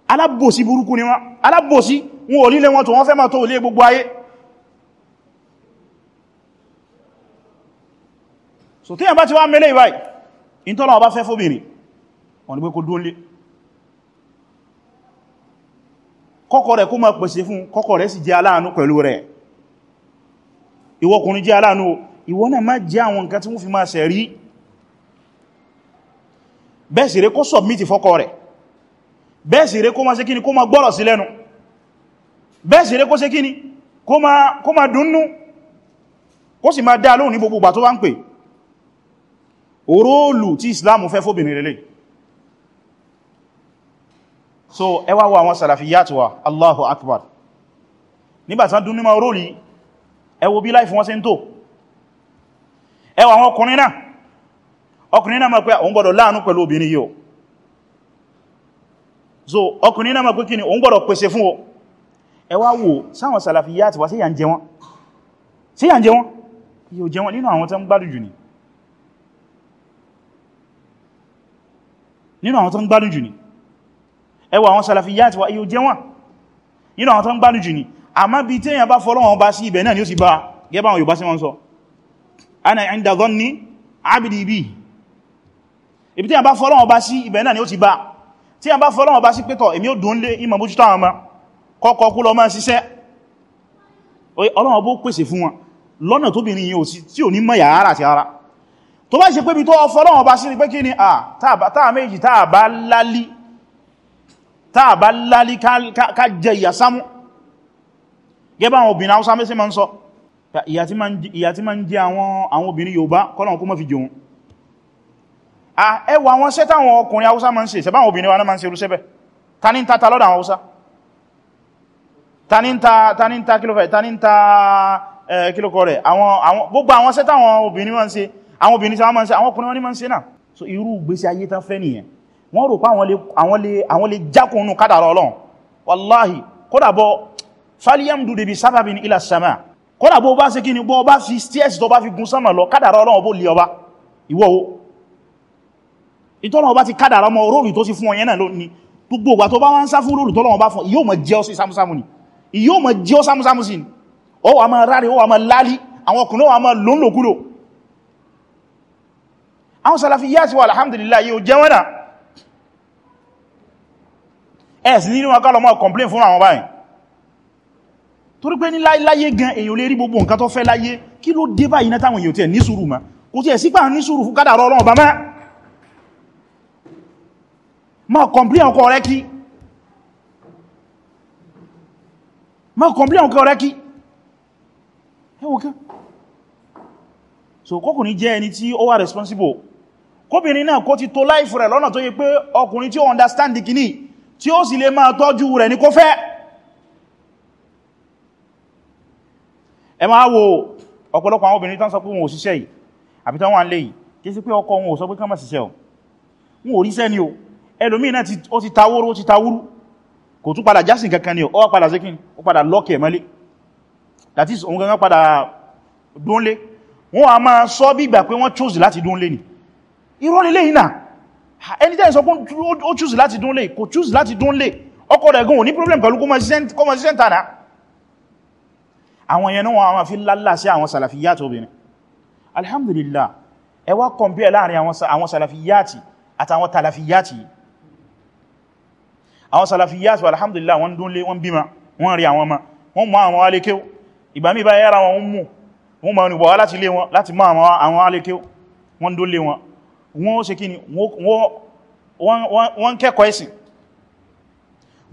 Speaker 1: alábòsí burúkú ni wọ́n alábòsí wọn ò lílé wọn tó wọ́n fẹ́ máa tó olé gbogbo ayé so tí yàmbá ti wá mẹ́lẹ̀ ìwáì ìntọ́nà ọba fẹ́ fóbìnrin wọ́n ni pé kó dúnlé kọ́kọ́ rẹ̀ kó máa pèsè fún kọ́kọ́ rẹ̀ sì jẹ́ aláàánú pẹ̀lú rẹ̀ ìwọ́kùnrin jẹ́ aláàánú ìwọ náà má jẹ́ àwọn nǹkan tí wọ́n fi máa ṣẹ̀rí bẹ́ẹ̀ sì rẹ kó submit fọ́kọ rẹ̀ bẹ́ẹ̀ sì rẹ kó ma ṣe kíni kó ma gbọ́rọ̀ sí lẹ́nu bẹ́ẹ̀ sì rẹ kó ṣe kíni kó ma kó ma dúnnú kó sì ma dá lóhùn ní gbogbo ìgbà tó bá ń pè òróòlù tí Islam fẹ́ fóbìnrin rẹ̀ so ẹ wá wo àwọn salafiyat wa Allahu Akbar nígbàtán dún ní ma róòlì ẹ wo bí láìfún wọ́n ṣe ń tó ẹ àwọn ọkùnrin náà ọkùnrin náà ma pé òun gbọ́dọ̀ láàánú pẹ̀lú obìnrin yìí o so ọkùnrin náà ma pé kíni òun gbọ́dọ̀ pèsè fún o ẹ wá wò sáwọn sàlàfíyà ti wá sí yà ń jẹ wọn sí àwọn tó ń ni nínú àwọn tó ń ni ẹ wò àwọn sàlàfíyà ti wá yóò jẹ wọn nínú àwọn tó ń gbádùn jù ni àmá bí tí èyàn bá fọ́lọ́wọ́n bá sí ibẹ̀ náà ni ó sì bá gẹ́bà àwọn Yorùbá sí wọ́n sọ ana inda dhanni abidi bi ibi tí a bá fọ́lọ́wọ́ bá sí ibẹ̀ náà ni ó ti bá tí a bá fọ́lọ́wọ́ bá sí pẹ́tọ̀ èmi ó dùn lé ìmọ̀ bójútó àwọn ọmọ kọ́kọ́ kú lọ máa ṣiṣẹ́ Ọlọ́run bó pèsè fún wọn lọ́nà tó bìnrin yìí tí ò ní mọ̀ yàrá àti ara tó bá ṣe pé bí tó fọ́lọ́wọ́ bá sí ni pé kí ni à táà méjì táà bá lálí ká jẹ ìyà sámú gẹ́bà àwọn ẹwà wọn ṣẹ́ táwọn ọkùnrin haúsá ma ń ṣe ṣẹ̀bá àwọn obìnrin wa náà ma ń ṣe irúṣẹ́ bẹ́ ta ní ń ta ta lọ́dọ̀ àwọn haúsá ta ní ń ta ta ní ń ta kílòfẹ́ ta ní ń ta kílòkọ rẹ̀ gbogbo àwọn ṣẹ́ táwọn obìnrin ma ń ṣe àwọn obìnrin sáwọn ma ni ma ń ṣe náà so irú gbésí ayé tán fẹ́ nìyẹn wọ́n rò pá àwọn wallahi kódà bọ́ fàlíyàm dúdé bí sábàbí ní ilà sàmà kódà bọ́ ni bọ́ bá fi stairs tó bá fi gun sánmà lọ kádàrà Ọlọ́run ìtọ́nà ọba ti kádàrá mọ́ róòlù tó sì fún ọyẹ́ náà ní gbogbo ìgbà tó bá wá ń sá fún róòlù tọ́nà ọba fún yóò mọ̀ jẹ́ ọ sí sámúsámú ni yóò mọ̀ jẹ́ ọ sámúsámú sí ni ó wà máa ráre ó wà máa lálí àwọn ọkùnrin wà máa lónlòkúlò àwọn sàlàfí yá sí wà alhamdulillah yóò jẹ́ wọ́n náà ẹ̀ sí nínú akálọ̀ mọ́ complain fún àwọn báyìí torí pé ní láyé gan èyàn lè rí gbogbo nǹkan tó fẹ́ láyé kí ló dé báyìí náà táwọn èyàn tí ẹ̀ ní sùúrù ma kò tí ẹ̀ sípà ní ma kọ̀mplí àwọn ọkọ̀ rẹ ma kọ̀mplí àwọn ọkọ̀ rẹ kí ẹwọ kí so kọkùnrin jẹ́ ẹni tí ó wà responsible kóbìnrin náà kó ti tó láìfù rẹ̀ lọ́nà tó yẹ pé ọkùnrin tí ó understand kìíní tí ó sì lè máa tọ́jú rẹ̀ ní kó fẹ́ ẹ máa wo ọ̀pọ̀lọpọ̀ àwọn obìnrin tán sọ pé wọn ò ṣiṣẹ́ yìí àbí tán wà ń lè yìí kí sí pé ọkọ wọn ò sọ pé kán má ṣiṣẹ́ wọn ò ríṣẹ́ ni o ẹlòmí náà ó ti tawóró ó ti tawúrú kò tún padà jásìn kankan ni ó padà zíkín ó padà lọ́kẹ̀ mọ́lé that is òun gangan padà dúnlé wọ́n a máa sọ bí ìgbà pé wọ́n choose láti dúnlé ni irọ́ lè lẹ́yìn náà ẹni tẹ́yìn sọ pé ó choose láti dúnlé kò choose láti dúnlé ọkọ rẹ̀ gan ò ní problem pẹ̀lú common sense tàdá àwọn yẹn náà wọ́n fi lálà sí àwọn sàlàfíyàtì obìnrin alhamdulillah ẹ wá compare láàrin àwọn sàlàfíyàtì àtàwọn tàlàfíyàtì yìí àwọn salafiyat wa alhamdulillah wọ́n dúnlé wọ́n bímá wọ́n rí àwọn ọmọ wọ́n mọ́ àwọn alékéw ìgbàmí bá yára wọn mú wọ́n mọ̀ ní bọ̀wá láti lé wọn láti mọ́ àwọn alékéw wọ́n dúnlé wọn wọ́n ṣe kí ni wọ́n kẹ́kọ̀ọ́ ẹ̀sìn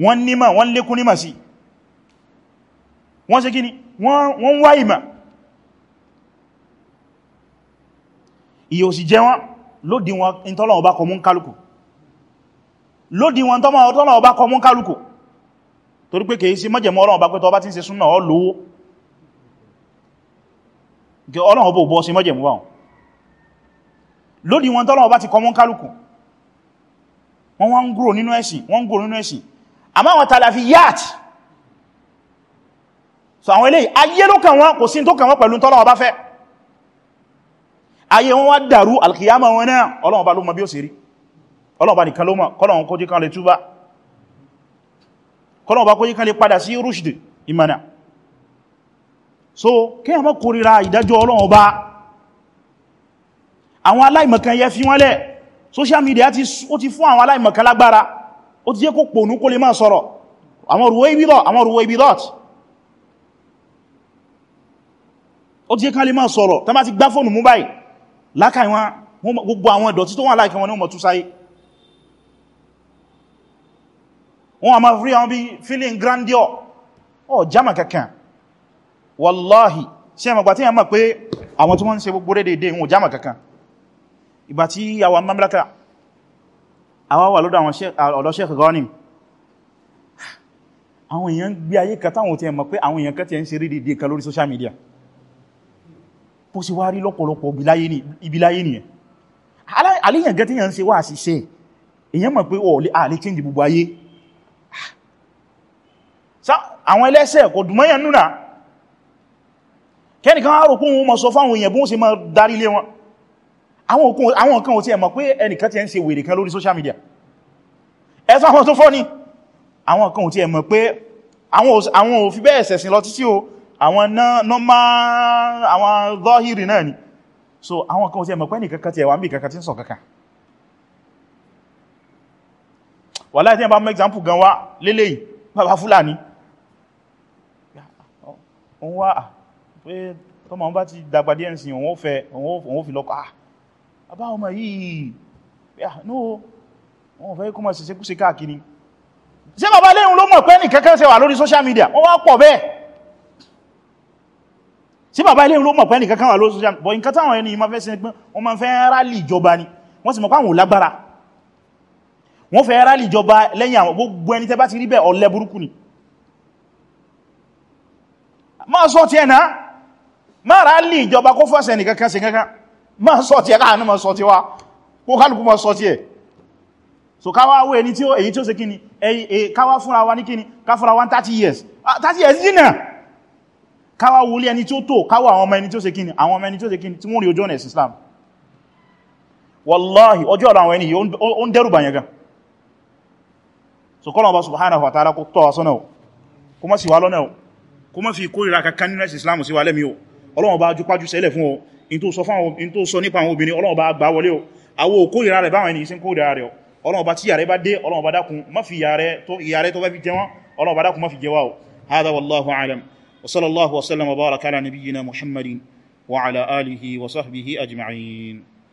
Speaker 1: wọ́n nímọ̀ wọ́n lékún nímọ̀ sí wọ́n ṣe kí ni wọ́n wá ìmọ̀ ìyòsì jẹ́ wọn lódí wọn ìtọ́lọ̀wọ́ bá kọ mú kálùkù lódí wọn tọ́mọ̀ ọ̀tọ́lọ̀ ọba kọ mún kálùkù torí pé kèé sí mọ́jẹ̀mọ́ ọlọ́run ọba pẹ́tọ́ ọba tí ń ṣe súnà ọ lówó ọlọ́run ọba òbọ́ sí mọ́jẹ̀mọ́ wọn lódí wọn tọ́lọ̀ ọba ti kọ mún kálùkù wọ́n wọ́n gúrò nínú ẹ̀sìn wọ́n ń gúrò nínú ẹ̀sìn so àwọn eléyìí ayé ló kàn wọ́n kò sí tó kàn wọ́n pẹ̀lú tọ́lọ̀ ọba fẹ́ ayé wọn wá dàrú alkiyama wọn náà ọlọ́run ọba ló mọ bí ó ṣe rí ọlọ́ọ̀bá nìkan ló mọ̀ kọ́lọ̀un kó jí kan lè túbá kọ́lọ̀un bá kó jí kan lè padà sí rushd ìmànà so kí a mọ́ kórìíra ìdájọ́ ọlọ́run bá àwọn aláìmọ̀kan yẹ fi wọ́n lẹ̀ social media ó ti fún àwọn aláìmọ̀kan lágbára ó ti jẹ́ kó pònú kó lè máa sọ̀rọ̀ àwọn òrùwé ibidọ̀ àwọn òrùwé ibidọ̀ ó ti jẹ́ kán lè máa sọ̀rọ̀ tán bá ti gbá fóònù mú báyìí lákàí wọn gbogbo àwọn ìdọ̀tí tó wà láìkẹ́ wọn ní ọmọ túsáyé wọ́n a máa rí àwọn bí feeling grandeur Oh, jama kankan wallahi ṣe mọ̀ gbà tí yàn mọ̀ pé àwọn tí wọ́n ń ṣe gbogbo rédèdè wọn jama kankan ìgbà tí àwọn mamlaka àwa wà lọ́dọ̀ ọ̀dọ̀ Sheikh Gani àwọn èèyàn mọ̀ pé àwọn èèyàn social media bó sì wá rí lọ́pọ̀lọpọ̀ ibiláyé nìyẹn aléyàn gẹ́ tí yàn ń ṣe wá àṣìṣe èèyàn mọ̀ pé ọ̀ lè change gbogbo ayé àwọn ẹlẹ́sẹ̀ kò dùnmọ́yàn núnà kẹ́nìkan á rò kún wọn mọ̀ sọ fáwọn èèyàn bí wọ́n ṣe máa darí lé wọn àwọn kan ò tí pé ẹnìkan ti ẹ ń ṣe wèrè kan lórí social media ẹfà wọn tó fọ́ ni àwọn kan ò tí ẹ mọ̀ pé àwọn ò fi bẹ́ẹ̀ ṣẹ̀sìn lọ títí o ni so àwọn kan ò tí ẹ mọ̀ pé ẹnìkan ti ẹwà ń bí kankan Ah, òun wá pé tọ́mọ bá ti dàgbà díẹ̀ sí òun ó fẹ́ òun ó fi lọ́kọ ah, àbá ọmọ yìí ah, no wọ́n fẹ́ kó mọ̀ sí sékúsí káàkiri ṣé bàbá léhun ló mọ̀ pé ní kẹ́kẹ́ ṣe wà lórí social media wọ́n wá pọ̀ bẹ́ẹ̀ ṣé bàbá léhun ló mọ̀ pé ní kẹ́kẹ́ wà lórí social media bọ̀ nǹkan táwọn ẹni ma fẹ́ sí pé wọ́n ma fẹ́ rálì ìjọba ni wọ́n sì mọ̀ páwọn lágbára wọ́n fẹ́ rálì ìjọba lẹ́yìn àwọn gbogbo ẹni tẹ́ bá ti rí bẹ́ẹ̀ ọ̀lẹ burúkú ni ma sọ ti ẹ̀nà ma ra lè ìjọba kó fọ́sẹ̀ ní kankan sí kankan ma sọ ti ẹ̀ká àánú ma sọ ti wá kó kálùkù ma sọ ti ẹ̀ so káwà wé ní tí ó èyí tí ó ṣe kíni káwà fúnra wa ní kíni ká fúnra wa 30 years 30 years dínà káwà wulé ẹni tí ó tó káwà àwọn ọmọ ẹni tí ó ṣe kíni àwọn ọmọ ẹni tí ó ṣe kíni tí wọ́n rí ojú ọ̀nà ẹ̀sìn Islam wallahi ọjọ́ ọ̀rọ̀ àwọn ẹni yìí ó ń dẹ́rù bàyàn gan so kọ́lọ̀ ọba subhanahu wa ta'ala kó tọ́ wa sọ́nà kó mọ́ sí wa lọ́nà kó má fi kórìíra kankan nínú ẹ̀sìn islam sí wa lẹ́mí o ọlọ́wọ́n bá jùpájú sẹ́lẹ̀ fún ọ in tó sọ nípa àwọn obìnrin ọlọ́wọ́n bá gbà wọlé o àwọ òkórìíra rẹ̀ báwọn ènìyàn sí kórìíra rẹ̀ ọlọ́wọ́n bá tí yàrẹ bá dé ọlọ́wọ́n bá dákun má fi yàrẹ tó bá fi jẹ wọ́n ọlọ́wọ́n bá dákun má fi jẹ